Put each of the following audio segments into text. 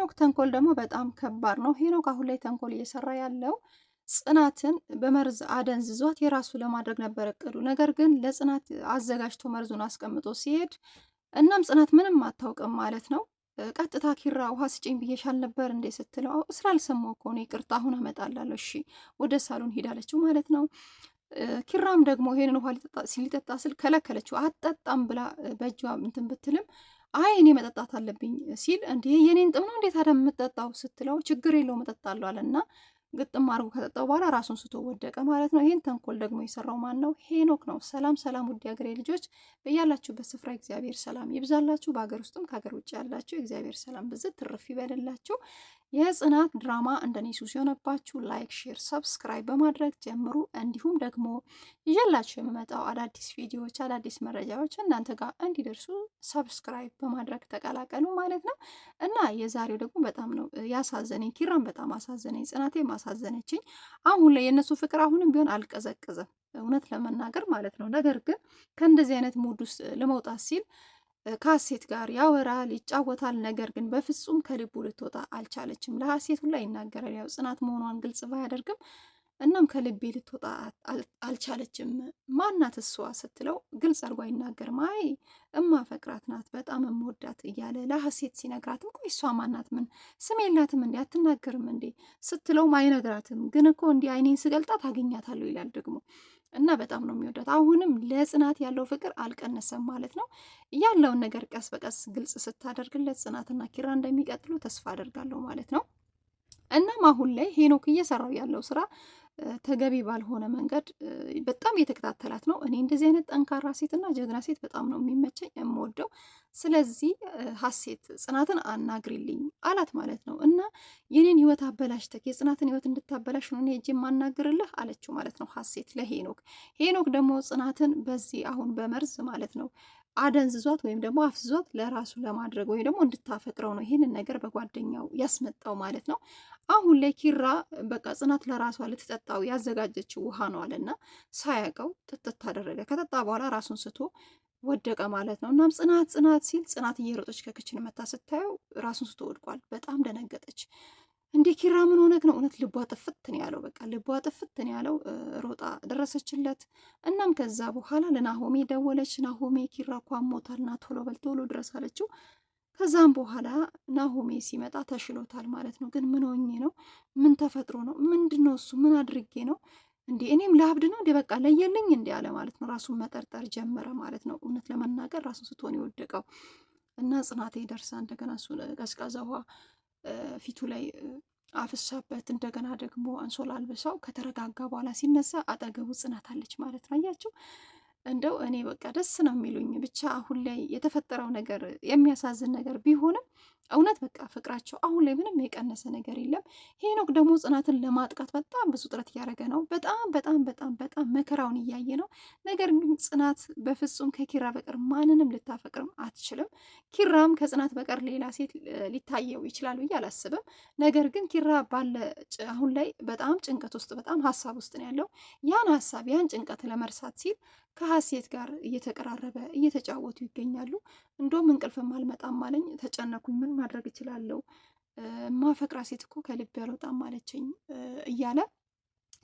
የሄኖክ ተንኮል ደግሞ በጣም ከባድ ነው። ሄኖክ አሁን ላይ ተንኮል እየሰራ ያለው ጽናትን በመርዝ አደንዝዟት የራሱ ለማድረግ ነበር እቅዱ። ነገር ግን ለጽናት አዘጋጅቶ መርዙን አስቀምጦ ሲሄድ እናም ጽናት ምንም አታውቅም ማለት ነው። ቀጥታ ኪራ ውሃ ስጭኝ ብዬሻል ነበር እንዴ ስትለው ስላልሰማሁ እኮ ከሆነ ይቅርታ፣ አሁን አመጣላለሁ እሺ ወደ ሳሎን ሄዳለችው ማለት ነው። ኪራም ደግሞ ይሄንን ውሃ ሊጠጣ ሲል ከለከለችው። አጠጣም ብላ በእጇ እንትን ብትልም አይ እኔ መጠጣት አለብኝ ሲል እንዲህ የኔን ጥም ነው እንዴት አደ የምጠጣው ስትለው ችግር የለው መጠጣለሁ አለና ግጥም አድርጎ ከጠጣው በኋላ ራሱን ስቶ ወደቀ ማለት ነው። ይህን ተንኮል ደግሞ የሰራው ማን ነው? ሄኖክ ነው። ሰላም ሰላም፣ ውድ ሀገሬ ልጆች በያላችሁበት ስፍራ እግዚአብሔር ሰላም ይብዛላችሁ። በሀገር ውስጥም ከሀገር ውጭ ያላችሁ እግዚአብሔር ሰላም ብዝት ትርፍ ይበልላችሁ። የጽናት ድራማ እንደኔ ሱስ የሆነባችሁ ላይክ፣ ሼር፣ ሰብስክራይብ በማድረግ ጀምሩ። እንዲሁም ደግሞ ይዤላችሁ የምመጣው አዳዲስ ቪዲዮዎች፣ አዳዲስ መረጃዎች እናንተ ጋር እንዲደርሱ ሰብስክራይብ በማድረግ ተቀላቀሉ ማለት ነው እና የዛሬው ደግሞ በጣም ነው ያሳዘነኝ። ኪራን በጣም አሳዘነኝ፣ ጽናቴ ማሳዘነችኝ። አሁን ላይ የእነሱ ፍቅር አሁንም ቢሆን አልቀዘቀዘም እውነት ለመናገር ማለት ነው። ነገር ግን ከእንደዚህ አይነት ሙድ ውስጥ ለመውጣት ሲል ከሀሴት ጋር ያወራል ይጫወታል። ነገር ግን በፍጹም ከልቡ ልትወጣ አልቻለችም። ለሀሴቱ ላይ ይናገራል። ያው ጽናት መሆኗን ግልጽ ባያደርግም እናም ከልቤ ልትወጣ አልቻለችም። ማናት እሷ ስትለው ግልጽ አድርጎ አይናገርም። አይ እማ ፈቅራት ናት በጣም እምወዳት እያለ ለሀሴት ሲነግራትም ቆይ እሷ ማናት? ምን ስም የላትም እንዴ? አትናገርም እንዴ? ስትለውም አይነግራትም። ግን እኮ እንዲህ አይኔን ስገልጣት አገኛታለሁ ይላል ደግሞ እና በጣም ነው የሚወዳት። አሁንም ለጽናት ያለው ፍቅር አልቀነሰም ማለት ነው። ያለውን ነገር ቀስ በቀስ ግልጽ ስታደርግለት ጽናትና ኪራ እንደሚቀጥሉ ተስፋ አደርጋለሁ ማለት ነው። እናም አሁን ላይ ሄኖክ እየሰራው ያለው ስራ ተገቢ ባልሆነ መንገድ በጣም የተከታተላት ነው። እኔ እንደዚህ አይነት ጠንካራ ሴትና ጀግና ሴት በጣም ነው የሚመቸኝ የምወደው። ስለዚህ ሀሴት ጽናትን አናግሪልኝ አላት ማለት ነው። እና የኔን ህይወት አበላሽተህ የጽናትን ህይወት እንድታበላሽ ነው እኔ የማናግርልህ አለችው ማለት ነው ሀሴት ለሄኖክ። ሄኖክ ደግሞ ጽናትን በዚህ አሁን በመርዝ ማለት ነው አደንዝዟት ወይም ደግሞ አፍዝዟት ለራሱ ለማድረግ ወይም ደግሞ እንድታፈቅረው ነው ይህንን ነገር በጓደኛው ያስመጣው ማለት ነው። አሁን ላይ ኪራ በቃ ጽናት ለራሷ ልትጠጣው ያዘጋጀችው ውሃ ነው አለና ሳያውቀው ጥጥት ታደረገ። ከጠጣ በኋላ ራሱን ስቶ ወደቀ ማለት ነው። እናም ጽናት ጽናት ሲል ጽናት እየሮጠች ከክችን መታ ስታየው ራሱን ስቶ ወድቋል። በጣም ደነገጠች። እንዴ ኪራ ምን ሆነክ ነው? እውነት ልቧ ጥፍት ነው ያለው። በቃ ልቧ ጥፍት ነው ያለው። ሮጣ ደረሰችለት። እናም ከዛ በኋላ ለናሆሜ ደወለች። ናሆሜ ኪራ እኮ አሞታልና ቶሎ በል ቶሎ ድረስ አለችው። ከዛም በኋላ ናሆሜ ሲመጣ ተሽሎታል ማለት ነው። ግን ምን ሆኜ ነው? ምን ተፈጥሮ ነው? ምንድን ነው እሱ? ምን አድርጌ ነው እንዴ? እኔም ለአብድ ነው እንዴ? በቃ ለየልኝ እንዲ አለ ማለት ነው። ራሱን መጠርጠር ጀመረ ማለት ነው። እውነት ለመናገር ራሱን ስትሆን የወደቀው እና ጽናቴ ደርሳ እንደገና እሱ ቀዝቃዛ ውሃ ፊቱ ላይ አፍሳበት እንደገና ደግሞ አንሶላ አልብሳው ከተረጋጋ በኋላ ሲነሳ አጠገቡ ጽናት አለች ማለት ነው። አያችሁ እንደው እኔ በቃ ደስ ነው የሚሉኝ ብቻ አሁን ላይ የተፈጠረው ነገር የሚያሳዝን ነገር ቢሆንም እውነት በቃ ፍቅራቸው አሁን ላይ ምንም የቀነሰ ነገር የለም። ሄኖክ ደግሞ ጽናትን ለማጥቃት በጣም ብዙ ጥረት እያደረገ ነው። በጣም በጣም በጣም በጣም መከራውን እያየ ነው። ነገር ግን ጽናት በፍጹም ከኪራ በቀር ማንንም ልታፈቅርም አትችልም። ኪራም ከጽናት በቀር ሌላ ሴት ሊታየው ይችላል ብዬ አላስብም። ነገር ግን ኪራ ባለ አሁን ላይ በጣም ጭንቀት ውስጥ በጣም ሀሳብ ውስጥ ነው ያለው። ያን ሀሳብ ያን ጭንቀት ለመርሳት ሲል ከሀሴት ጋር እየተቀራረበ እየተጫወቱ ይገኛሉ። እንደውም እንቅልፍም አልመጣም አለኝ፣ ተጨነኩኝ፣ ምን ማድረግ እችላለሁ? ማፈቅራ ሴት እኮ ከልብ አልወጣም ማለችኝ እያለ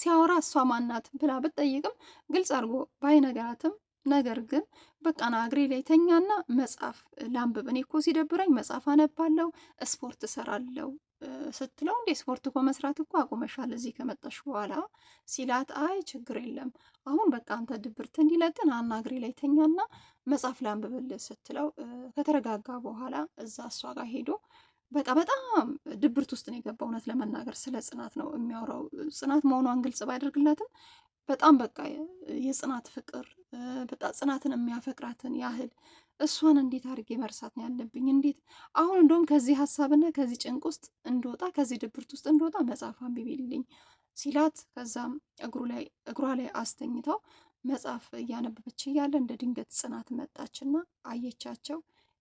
ሲያወራ እሷ ማናት ብላ ብትጠይቅም ግልጽ አድርጎ ባይነገራትም ነገር ግን በቃ ና እግሬ ላይ ተኛና መጽሐፍ ላንብብ፣ እኔ እኮ ሲደብረኝ መጽሐፍ አነባለሁ፣ ስፖርት እሰራለሁ ስትለው እንዴ ስፖርት እኮ መስራት እኮ አቁመሻል እዚህ ከመጣሽ በኋላ ሲላት፣ አይ ችግር የለም አሁን በቃ አንተ ድብርት እንዲለጥን አናግሪ ላይ ተኛና መጽሐፍ ላንብብልህ ስትለው ከተረጋጋ በኋላ እዛ እሷ ጋር ሄዶ በቃ በጣም ድብርት ውስጥ ነው የገባ። እውነት ለመናገር ስለ ጽናት ነው የሚያወራው። ጽናት መሆኗን ግልጽ ባያደርግላትም በጣም በቃ የጽናት ፍቅር በጣም ጽናትን የሚያፈቅራትን ያህል እሷን እንዴት አድርጌ መርሳት ነው ያለብኝ? እንዴት አሁን እንደውም ከዚህ ሀሳብና ከዚህ ጭንቅ ውስጥ እንደወጣ ከዚህ ድብርት ውስጥ እንደወጣ መጽሐፍ አንብቢልኝ ሲላት፣ ከዛም እግሩ ላይ እግሯ ላይ አስተኝታው መጽሐፍ እያነበበች እያለ እንደ ድንገት ጽናት መጣችና አየቻቸው።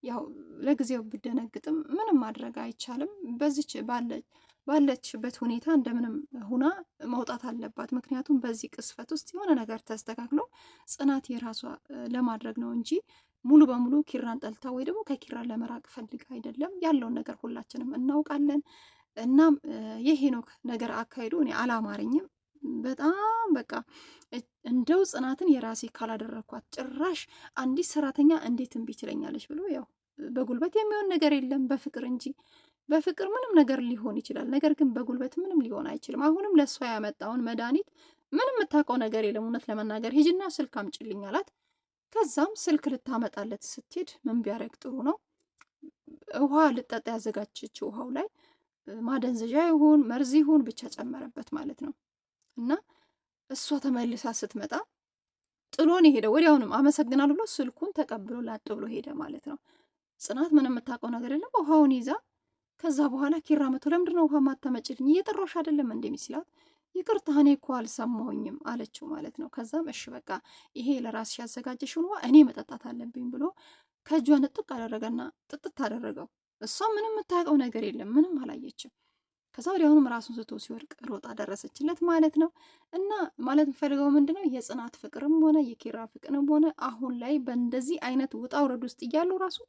ያው ለጊዜው ብደነግጥም ምንም ማድረግ አይቻልም። በዚች ባለችበት ሁኔታ እንደምንም ሁና መውጣት አለባት። ምክንያቱም በዚህ ቅስፈት ውስጥ የሆነ ነገር ተስተካክሎ ጽናት የራሷ ለማድረግ ነው እንጂ ሙሉ በሙሉ ኪራን ጠልታ ወይ ደግሞ ከኪራ ለመራቅ ፈልጋ አይደለም። ያለውን ነገር ሁላችንም እናውቃለን። እናም የሄኖክ ነገር አካሄዱ እኔ አላማረኝም። በጣም በቃ እንደው ጽናትን የራሴ ካላደረግኳት ጭራሽ አንዲት ሰራተኛ እንዴት እምቢ ትለኛለች ብሎ ያው በጉልበት የሚሆን ነገር የለም በፍቅር እንጂ በፍቅር ምንም ነገር ሊሆን ይችላል። ነገር ግን በጉልበት ምንም ሊሆን አይችልም። አሁንም ለእሷ ያመጣውን መድኃኒት ምንም የምታውቀው ነገር የለም። እውነት ለመናገር ሂጂና ስልክ አምጪልኝ አላት። ከዛም ስልክ ልታመጣለት ስትሄድ ምን ቢያደረግ ጥሩ ነው? ውሃ ልጠጣ ያዘጋጀች ውሃው ላይ ማደንዘዣ ይሁን መርዝ ይሁን ብቻ ጨመረበት ማለት ነው። እና እሷ ተመልሳ ስትመጣ ጥሎን ሄደ። ወዲያውንም አመሰግናል ብሎ ስልኩን ተቀብሎ ላጥ ብሎ ሄደ ማለት ነው። ጽናት ምን የምታውቀው ነገር የለም። ውሃውን ይዛ ከዛ በኋላ ኪራ መቶ ለምንድን ውሃ ማታመጭልኝ? እየጠራሁሽ አይደለም እንደሚስላት ይቅርታ እኔ እኮ አልሰማሁኝም አለችው ማለት ነው። ከዛም እሺ በቃ ይሄ ለራስ ያዘጋጀሽውን ውሃ እኔ መጠጣት አለብኝ ብሎ ከእጇ ንጥቅ አደረገና ጥጥት አደረገው። እሷ ምንም የምታውቀው ነገር የለም፣ ምንም አላየችም። ከዛ ወዲያውኑም ራሱን ስቶ ሲወድቅ ሮጣ ደረሰችለት ማለት ነው። እና ማለት የምፈልገው ምንድነው የጽናት ፍቅርም ሆነ የኪራ ፍቅርም ሆነ አሁን ላይ በእንደዚህ አይነት ውጣ ውረድ ውስጥ እያሉ ራሱ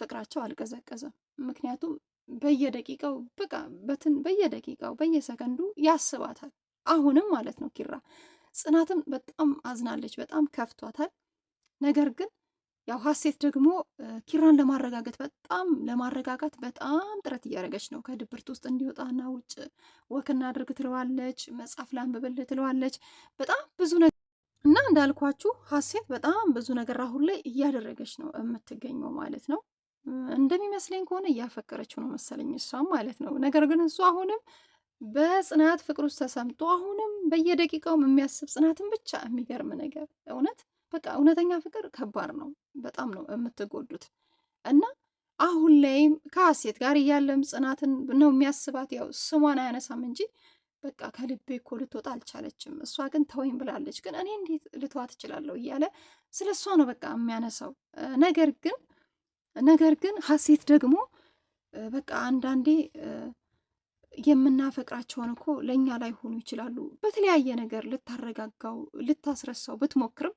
ፍቅራቸው አልቀዘቀዘም። ምክንያቱም በየደቂቃው በቃ በትን በየደቂቃው በየሰከንዱ ያስባታል። አሁንም ማለት ነው ኪራ ጽናትም በጣም አዝናለች፣ በጣም ከፍቷታል። ነገር ግን ያው ሀሴት ደግሞ ኪራን ለማረጋገጥ በጣም ለማረጋጋት በጣም ጥረት እያደረገች ነው። ከድብርት ውስጥ እንዲወጣና ውጭ ወክና አድርግ ትለዋለች፣ መጽሐፍ ላንብብል ትለዋለች። በጣም ብዙ ነገር እና እንዳልኳችሁ ሀሴት በጣም ብዙ ነገር አሁን ላይ እያደረገች ነው የምትገኘው ማለት ነው። እንደሚመስለኝ ከሆነ እያፈቀረችው ነው መሰለኝ እሷም ማለት ነው። ነገር ግን እሱ አሁንም በጽናት ፍቅር ውስጥ ተሰምቶ አሁንም በየደቂቃውም የሚያስብ ጽናትን ብቻ የሚገርም ነገር እውነት በቃ እውነተኛ ፍቅር ከባድ ነው። በጣም ነው የምትጎዱት እና አሁን ላይም ከሀሴት ጋር እያለም ጽናትን ነው የሚያስባት። ያው ስሟን አያነሳም እንጂ በቃ ከልቤ እኮ ልትወጣ አልቻለችም። እሷ ግን ተወኝ ብላለች፣ ግን እኔ እንዴት ልተዋ ትችላለሁ እያለ ስለ እሷ ነው በቃ የሚያነሳው ነገር ግን ነገር ግን ሀሴት ደግሞ በቃ አንዳንዴ የምናፈቅራቸውን እኮ ለእኛ ላይሆኑ ይችላሉ። በተለያየ ነገር ልታረጋጋው ልታስረሳው ብትሞክርም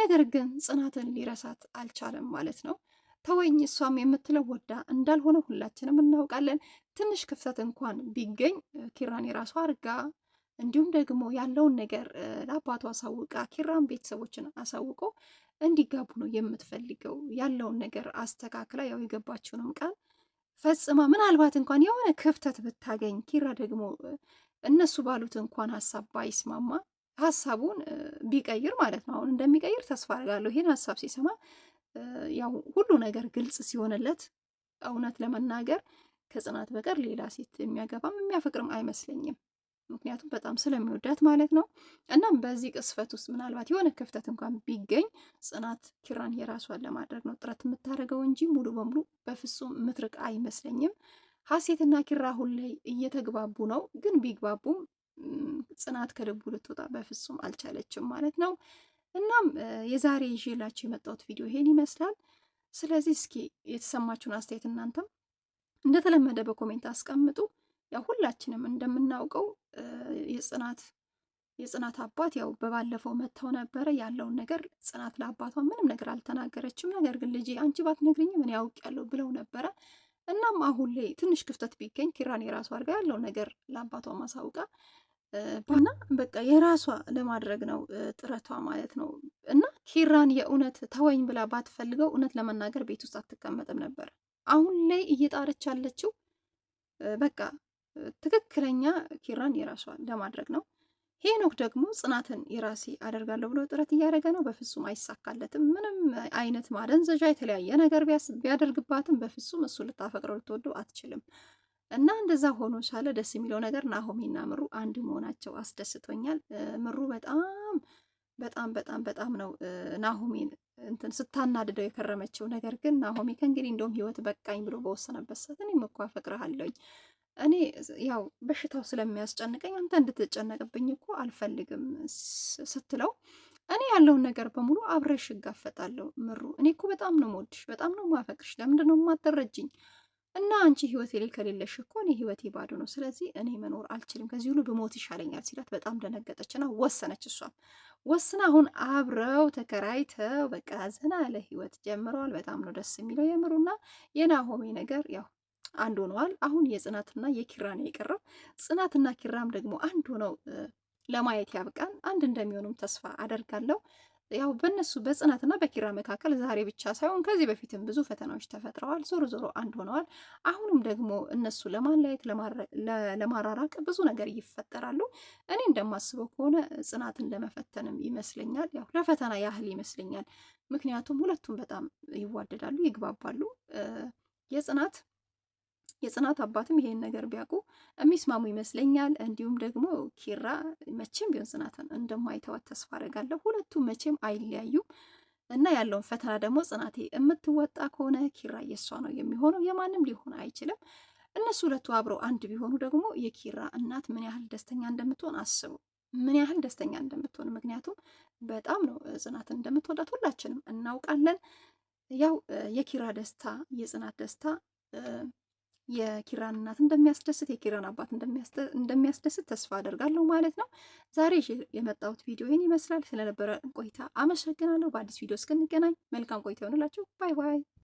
ነገር ግን ጽናትን ሊረሳት አልቻለም ማለት ነው። ተወኝ እሷም የምትለው ወዳ እንዳልሆነ ሁላችንም እናውቃለን። ትንሽ ክፍተት እንኳን ቢገኝ ኪራን የራሷ አርጋ እንዲሁም ደግሞ ያለውን ነገር ለአባቱ አሳውቃ ኪራን ቤተሰቦችን አሳውቆ እንዲጋቡ ነው የምትፈልገው። ያለውን ነገር አስተካክላ ያው የገባችውንም ቃል ፈጽማ ምናልባት እንኳን የሆነ ክፍተት ብታገኝ ኪራ ደግሞ እነሱ ባሉት እንኳን ሀሳብ ባይስማማ ሀሳቡን ቢቀይር ማለት ነው። አሁን እንደሚቀይር ተስፋ አርጋለሁ ይህን ሀሳብ ሲሰማ ያው ሁሉ ነገር ግልጽ ሲሆንለት እውነት ለመናገር ከጽናት በቀር ሌላ ሴት የሚያገባም የሚያፈቅርም አይመስለኝም። ምክንያቱም በጣም ስለሚወዳት ማለት ነው። እናም በዚህ ቅስፈት ውስጥ ምናልባት የሆነ ክፍተት እንኳን ቢገኝ ጽናት ኪራን የራሷን ለማድረግ ነው ጥረት የምታደርገው እንጂ ሙሉ በሙሉ በፍጹም ምትርቅ አይመስለኝም። ሀሴትና ኪራ አሁን ላይ እየተግባቡ ነው፣ ግን ቢግባቡም ጽናት ከልቡ ልትወጣ በፍጹም አልቻለችም ማለት ነው። እናም የዛሬ ይዤላችሁ የመጣሁት ቪዲዮ ይሄን ይመስላል። ስለዚህ እስኪ የተሰማችሁን አስተያየት እናንተም እንደተለመደ በኮሜንት አስቀምጡ። ያው ሁላችንም እንደምናውቀው የጽናት የጽናት አባት ያው በባለፈው መጥተው ነበረ ያለውን ነገር ጽናት ለአባቷ ምንም ነገር አልተናገረችም። ነገር ግን ልጄ አንቺ ባትነግሪኝ ምን ያውቅ ያለው ብለው ነበረ። እናም አሁን ላይ ትንሽ ክፍተት ቢገኝ ኪራን የራሷ አድርጋ ያለው ነገር ለአባቷ ማሳውቃ እና በቃ የራሷ ለማድረግ ነው ጥረቷ ማለት ነው። እና ኪራን የእውነት ተወኝ ብላ ባትፈልገው እውነት ለመናገር ቤት ውስጥ አትቀመጥም ነበር። አሁን ላይ እየጣረች ያለችው በቃ ትክክለኛ ኪራን የራሷ ለማድረግ ነው። ሄኖክ ደግሞ ጽናትን የራሴ አደርጋለሁ ብሎ ጥረት እያደረገ ነው። በፍጹም አይሳካለትም። ምንም አይነት ማደንዘዣ፣ የተለያየ ነገር ቢያደርግባትም በፍጹም እሱ ልታፈቅረው ልትወደው አትችልም። እና እንደዛ ሆኖ ሳለ ደስ የሚለው ነገር ናሆሜና ምሩ አንድ መሆናቸው አስደስቶኛል። ምሩ በጣም በጣም በጣም በጣም ነው ናሆሚን እንትን ስታናድደው የከረመችው። ነገር ግን ናሆሚ ከእንግዲህ እንደውም ህይወት በቃኝ ብሎ በወሰነበት ሰዓት እኔም እኮ አፈቅርሃለሁኝ እኔ ያው በሽታው ስለሚያስጨንቀኝ አንተ እንድትጨነቅብኝ እኮ አልፈልግም ስትለው እኔ ያለውን ነገር በሙሉ አብረሽ እጋፈጣለሁ። ምሩ እኔ እኮ በጣም ነው የምወድሽ፣ በጣም ነው የማፈቅርሽ። ለምንድን ነው የማትረጅኝ? እና አንቺ ህይወቴ ላይ ከሌለሽ እኮ እኔ ህይወቴ ባዶ ነው። ስለዚህ እኔ መኖር አልችልም፣ ከዚህ ሁሉ ብሞት ይሻለኛል ሲላት በጣም ደነገጠችና ወሰነች። እሷም ወስና አሁን አብረው ተከራይተው በቃ ዘና ያለ ህይወት ጀምረዋል። በጣም ነው ደስ የሚለው የምሩና የናሆሜ ነገር ያው አንድ ሆነዋል። አሁን የጽናትና የኪራ ነው የቀረው። ጽናትና ኪራም ደግሞ አንድ ሆነው ለማየት ያብቃን። አንድ እንደሚሆኑም ተስፋ አደርጋለሁ። ያው በእነሱ በጽናትና በኪራ መካከል ዛሬ ብቻ ሳይሆን ከዚህ በፊትም ብዙ ፈተናዎች ተፈጥረዋል። ዞሮ ዞሮ አንድ ሆነዋል። አሁንም ደግሞ እነሱ ለማለያየት ለማራራቅ ብዙ ነገር ይፈጠራሉ። እኔ እንደማስበው ከሆነ ጽናትን ለመፈተንም ይመስለኛል። ያው ለፈተና ያህል ይመስለኛል። ምክንያቱም ሁለቱም በጣም ይዋደዳሉ፣ ይግባባሉ። የጽናት የጽናት አባትም ይሄን ነገር ቢያውቁ የሚስማሙ ይመስለኛል። እንዲሁም ደግሞ ኪራ መቼም ቢሆን ጽናትን እንደማይተዋት ተስፋ አደርጋለሁ። ሁለቱም መቼም አይለያዩም እና ያለውን ፈተና ደግሞ ጽናቴ የምትወጣ ከሆነ ኪራ የሷ ነው የሚሆነው፣ የማንም ሊሆን አይችልም። እነሱ ሁለቱ አብረው አንድ ቢሆኑ ደግሞ የኪራ እናት ምን ያህል ደስተኛ እንደምትሆን አስቡ፣ ምን ያህል ደስተኛ እንደምትሆን። ምክንያቱም በጣም ነው ጽናትን እንደምትወዳት ሁላችንም እናውቃለን። ያው የኪራ ደስታ የጽናት ደስታ የኪራን እናት እንደሚያስደስት የኪራን አባት እንደሚያስደስት ተስፋ አደርጋለሁ ማለት ነው። ዛሬ የመጣሁት ቪዲዮ ይህን ይመስላል። ስለነበረ ቆይታ አመሰግናለሁ። በአዲስ ቪዲዮ እስክንገናኝ መልካም ቆይታ ይሆንላችሁ። ባይ ባይ።